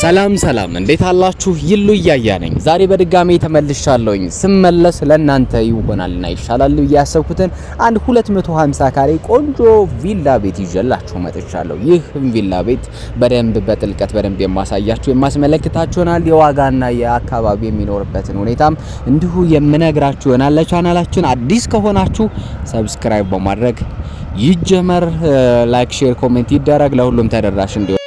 ሰላም ሰላም፣ እንዴት አላችሁ? ይሉ እያያ ነኝ። ዛሬ በድጋሚ ተመልሻለሁኝ። ስመለስ ለእናንተ ይሆናልና ይሻላል ብዬ ያሰብኩትን አንድ 250 ካሬ ቆንጆ ቪላ ቤት ይዤላችሁ መጥቻለሁ። ይህም ቪላ ቤት በደንብ በጥልቀት በደንብ የማሳያችሁ የማስመለክታችሁ ይሆናል። የዋጋና የአካባቢ የሚኖርበትን ሁኔታም እንዲሁ የምነግራችሁ ይሆናል። ለቻናላችን አዲስ ከሆናችሁ ሰብስክራይብ በማድረግ ይጀመር። ላይክ፣ ሼር፣ ኮሜንት ይደረግ ለሁሉም ተደራሽ እንዲሆን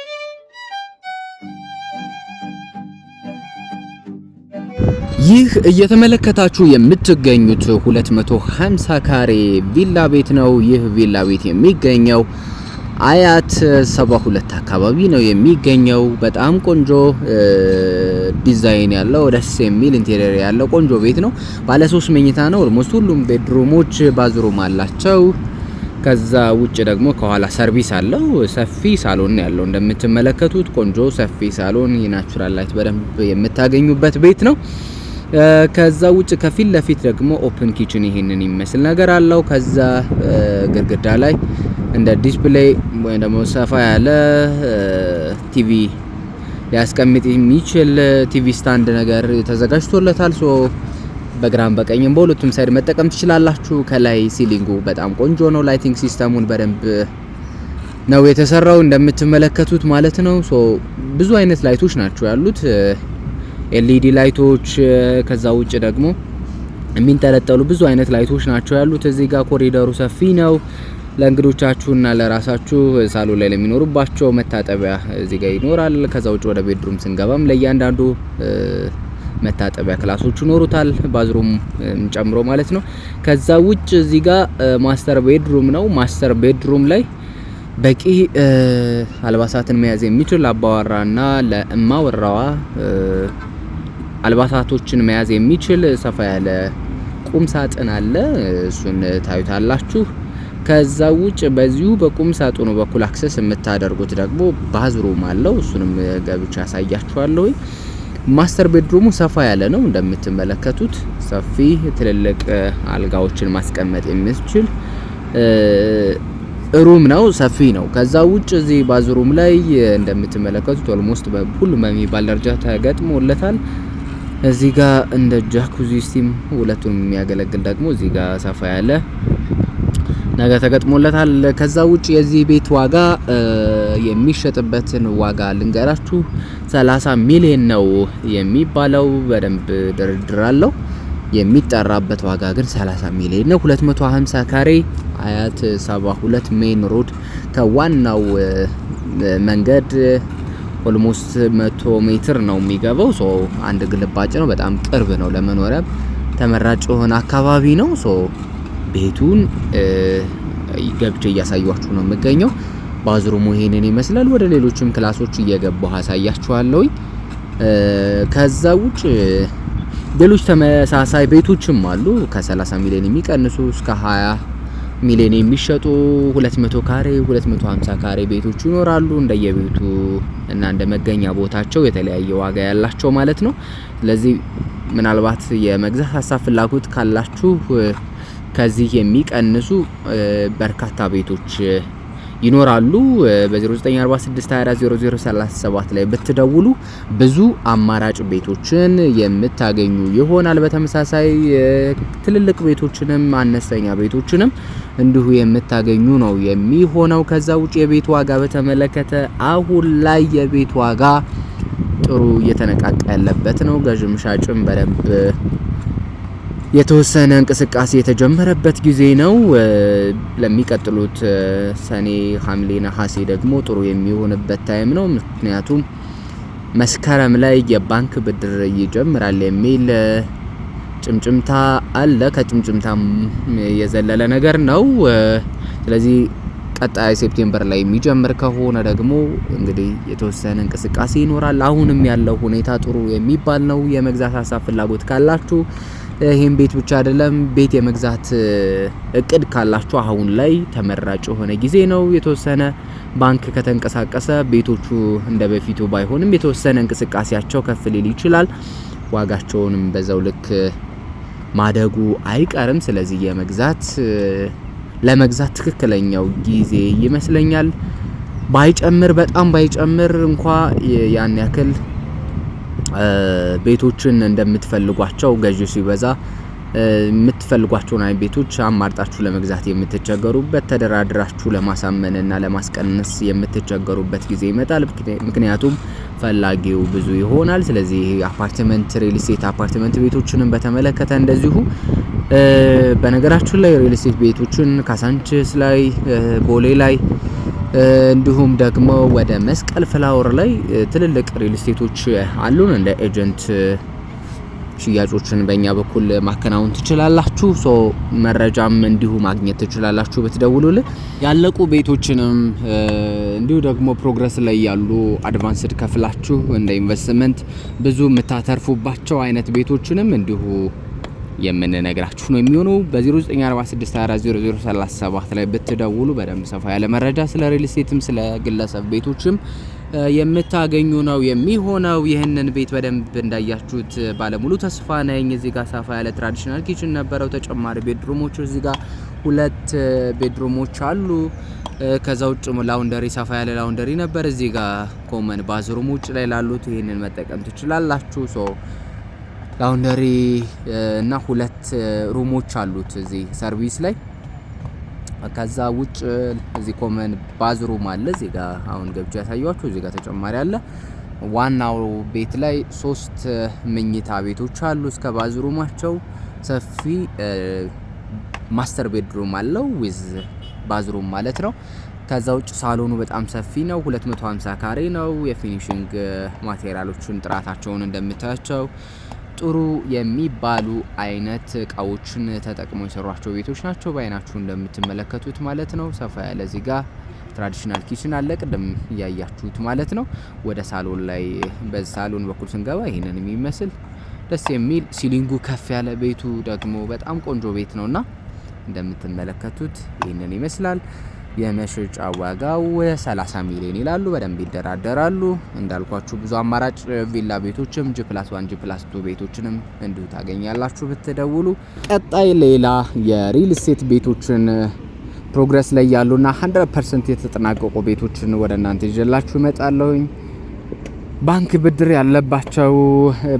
ይህ እየተመለከታችሁ የምትገኙት 250 ካሬ ቪላ ቤት ነው። ይህ ቪላ ቤት የሚገኘው አያት 72 አካባቢ ነው የሚገኘው። በጣም ቆንጆ ዲዛይን ያለው ደስ የሚል ኢንቴሪየር ያለው ቆንጆ ቤት ነው። ባለ 3 መኝታ ነው። ኦልሞስት ሁሉም ቤድሩሞች ባዝሩም አላቸው። ከዛ ውጭ ደግሞ ከኋላ ሰርቪስ አለው። ሰፊ ሳሎን ያለው እንደምትመለከቱት ቆንጆ ሰፊ ሳሎን የናቹራል ላይት በደንብ የምታገኙበት ቤት ነው። ከዛ ውጭ ከፊት ለፊት ደግሞ ኦፕን ኪችን ይሄንን የሚመስል ነገር አለው። ከዛ ግድግዳ ላይ እንደ ዲስፕሌይ ወይም ደግሞ ሰፋ ያለ ቲቪ ሊያስቀምጥ የሚችል ቲቪ ስታንድ ነገር ተዘጋጅቶለታል። ሶ በግራም በቀኝም በሁለቱም ሳይድ መጠቀም ትችላላችሁ። ከላይ ሲሊንጉ በጣም ቆንጆ ነው። ላይቲንግ ሲስተሙን በደንብ ነው የተሰራው እንደምትመለከቱት ማለት ነው። ሶ ብዙ አይነት ላይቶች ናቸው ያሉት። ኤልኢዲ ላይቶች ከዛ ውጭ ደግሞ የሚንጠለጠሉ ብዙ አይነት ላይቶች ናቸው ያሉት። እዚህ ጋር ኮሪደሩ ሰፊ ነው። ለእንግዶቻችሁና ለራሳችሁ ሳሎን ላይ ለሚኖሩባቸው መታጠቢያ እዚህ ጋር ይኖራል። ከዛ ውጭ ወደ ቤድሩም ስንገባም ለእያንዳንዱ መታጠቢያ ክላሶቹ ይኖሩታል፣ ባዝሩም ጨምሮ ማለት ነው። ከዛ ውጭ እዚህ ጋር ማስተር ቤድሩም ነው። ማስተር ቤድሩም ላይ በቂ አልባሳትን መያዝ የሚችል አባወራና ለእማወራዋ አልባሳቶችን መያዝ የሚችል ሰፋ ያለ ቁም ሳጥን አለ። እሱን ታዩታላችሁ። ከዛ ውጭ በዚሁ በቁም ሳጥኑ በኩል አክሰስ የምታደርጉት ደግሞ ባዝሩም አለው። እሱንም ገብቻ ያሳያችኋለሁ። ማስተር ቤድሩሙ ሰፋ ያለ ነው። እንደምትመለከቱት ሰፊ ትልልቅ አልጋዎችን ማስቀመጥ የሚችል ሩም ነው። ሰፊ ነው። ከዛ ውጭ እዚህ ባዝሩም ላይ እንደምትመለከቱት ኦልሞስት በሁሉም በሚባል ደረጃ ተገጥሞለታል። እዚህ ጋር እንደ ጃኩዚ ሲም ሁለቱን የሚያገለግል ደግሞ እዚህ ጋር ሰፋ ያለ ነገር ተገጥሞለታል። ከዛ ውጭ የዚህ ቤት ዋጋ የሚሸጥበትን ዋጋ ልንገራችሁ፣ 30 ሚሊዮን ነው የሚባለው። በደንብ ድርድር አለው። የሚጠራበት ዋጋ ግን 30 ሚሊዮን ነው። 250 ካሬ አያት 72 ሜን ሮድ ከዋናው መንገድ ኦልሞስት 100 ሜትር ነው የሚገባው። ሶ አንድ ግልባጭ ነው። በጣም ቅርብ ነው ለመኖሪያ ተመራጭ የሆነ አካባቢ ነው። ሶ ቤቱን ገብቼ እያሳያችሁ ነው የምገኘው። ባዝሩሙ ይሄንን ይመስላል። ወደ ሌሎችም ክላሶች እየገባሁ አሳያችኋለሁ። ከዛ ውጭ ሌሎች ተመሳሳይ ቤቶችም አሉ ከ30 ሚሊዮን የሚቀንሱ እስከ 20 ሚሊዮን የሚሸጡ 200 ካሬ 250 ካሬ ቤቶች ይኖራሉ። እንደየቤቱ እና እንደ መገኛ ቦታቸው የተለያየ ዋጋ ያላቸው ማለት ነው። ስለዚህ ምናልባት የመግዛት ሀሳብ ፍላጎት ካላችሁ ከዚህ የሚቀንሱ በርካታ ቤቶች ይኖራሉ። በ0946240037 ላይ ብትደውሉ ብዙ አማራጭ ቤቶችን የምታገኙ ይሆናል። በተመሳሳይ ትልልቅ ቤቶችንም አነስተኛ ቤቶችንም እንዲሁ የምታገኙ ነው የሚሆነው። ከዛ ውጭ የቤት ዋጋ በተመለከተ አሁን ላይ የቤት ዋጋ ጥሩ እየተነቃቃ ያለበት ነው። ገዥም ሻጭም በደንብ የተወሰነ እንቅስቃሴ የተጀመረበት ጊዜ ነው። ለሚቀጥሉት ሰኔ፣ ሐምሌ፣ ነሐሴ ደግሞ ጥሩ የሚሆንበት ታይም ነው። ምክንያቱም መስከረም ላይ የባንክ ብድር ይጀምራል የሚል ጭምጭምታ አለ። ከጭምጭምታም የዘለለ ነገር ነው። ስለዚህ ቀጣይ ሴፕቴምበር ላይ የሚጀምር ከሆነ ደግሞ እንግዲህ የተወሰነ እንቅስቃሴ ይኖራል። አሁንም ያለው ሁኔታ ጥሩ የሚባል ነው። የመግዛት ሀሳብ ፍላጎት ካላችሁ ይህም ቤት ብቻ አይደለም፣ ቤት የመግዛት እቅድ ካላችሁ አሁን ላይ ተመራጭ የሆነ ጊዜ ነው። የተወሰነ ባንክ ከተንቀሳቀሰ ቤቶቹ እንደ በፊቱ ባይሆንም የተወሰነ እንቅስቃሴያቸው ከፍ ሊል ይችላል። ዋጋቸውንም በዛው ልክ ማደጉ አይቀርም። ስለዚህ የመግዛት ለመግዛት ትክክለኛው ጊዜ ይመስለኛል። ባይጨምር በጣም ባይጨምር እንኳ ያን ያክል ቤቶችን እንደምትፈልጓቸው ገዢ ሲበዛ የምትፈልጓቸውን አይ ቤቶች አማርጣችሁ ለመግዛት የምትቸገሩበት ተደራድራችሁ ለማሳመንና ለማስቀነስ የምትቸገሩበት ጊዜ ይመጣል። ምክንያቱም ፈላጊው ብዙ ይሆናል። ስለዚህ አፓርትመንት ሪል ስቴት አፓርትመንት ቤቶችንም በተመለከተ እንደዚሁ በነገራችን ላይ ሪል ስቴት ቤቶችን ካሳንችስ ላይ፣ ቦሌ ላይ እንዲሁም ደግሞ ወደ መስቀል ፍላወር ላይ ትልልቅ ሪል ስቴቶች አሉን እንደ ኤጀንት ሽያጮችን በእኛ በኩል ማከናወን ትችላላችሁ። ሶ መረጃም እንዲሁ ማግኘት ትችላላችሁ ብትደውሉልን። ያለቁ ቤቶችንም እንዲሁ ደግሞ ፕሮግረስ ላይ ያሉ አድቫንስድ ከፍላችሁ እንደ ኢንቨስትመንት ብዙ የምታተርፉባቸው አይነት ቤቶችንም እንዲሁ የምንነግራችሁ ነው የሚሆነው። በ0946400037 ላይ ብትደውሉ በደንብ ሰፋ ያለ መረጃ ስለ ሪል ስቴትም ስለ ግለሰብ ቤቶችም የምታገኙ ነው የሚሆነው። ይህንን ቤት በደንብ እንዳያችሁት ባለሙሉ ተስፋ ነኝ። እዚህ ጋር ሰፋ ያለ ትራዲሽናል ኪችን ነበረው። ተጨማሪ ቤድሩሞች እዚህ ጋር ሁለት ቤድሩሞች አሉ። ከዛ ውጭ ላውንደሪ፣ ሰፋ ያለ ላውንደሪ ነበር። እዚህ ጋር ኮመን ባዝሩም ውጭ ላይ ላሉት ይህንን መጠቀም ትችላላችሁ። ሶ ላውንደሪ እና ሁለት ሩሞች አሉት እዚህ ሰርቪስ ላይ ከዛ ውጭ እዚህ ኮመን ባዝሩም አለ። እዚህ ጋር አሁን ገብቼ ያሳያችሁ። እዚህ ጋር ተጨማሪ አለ። ዋናው ቤት ላይ ሶስት መኝታ ቤቶች አሉ። እስከ ባዝሩማቸው ሰፊ ማስተር ቤድሩም አለው ዊዝ ባዝሩም ማለት ነው። ከዛ ውጭ ሳሎኑ በጣም ሰፊ ነው። 250 ካሬ ነው። የፊኒሽንግ ማቴሪያሎቹን ጥራታቸውን እንደምታያቸው ጥሩ የሚባሉ አይነት እቃዎችን ተጠቅሞ የሰሯቸው ቤቶች ናቸው። በአይናችሁ እንደምትመለከቱት ማለት ነው። ሰፋ ያለ እዚህ ጋ ትራዲሽናል ኪችን አለ፣ ቅድም እያያችሁት ማለት ነው። ወደ ሳሎን ላይ በሳሎን በኩል ስንገባ ይህንን የሚመስል ደስ የሚል ሲሊንጉ ከፍ ያለ ቤቱ ደግሞ በጣም ቆንጆ ቤት እና እንደምትመለከቱት ይህንን ይመስላል። የመሸጫ ዋጋው 30 ሚሊዮን ይላሉ። በደንብ ይደራደራሉ። እንዳልኳችሁ ብዙ አማራጭ ቪላ ቤቶችም ጂ ፕላስ ዋን ጂ ፕላስ ቱ ቤቶችንም እንዲሁ ታገኛላችሁ ብትደውሉ። ቀጣይ ሌላ የሪል ስቴት ቤቶችን ፕሮግረስ ላይ ያሉና 100% የተጠናቀቁ ቤቶችን ወደ እናንተ ይዤላችሁ እመጣለሁኝ። ባንክ ብድር ያለባቸው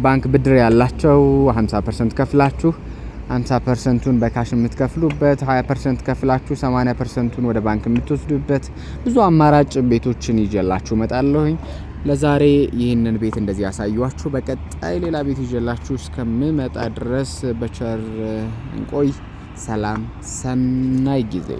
ባንክ ብድር ያላቸው 50% ከፍላችሁ 50 ፐርሰንቱን በካሽ የምትከፍሉበት 20 ፐርሰንት ከፍላችሁ 80 ፐርሰንቱን ወደ ባንክ የምትወስዱበት ብዙ አማራጭ ቤቶችን ይዤላችሁ እመጣለሁኝ። ለዛሬ ይህንን ቤት እንደዚህ ያሳዩችሁ። በቀጣይ ሌላ ቤት ይዤላችሁ እስከምመጣ ድረስ በቸር እንቆይ። ሰላም፣ ሰናይ ጊዜ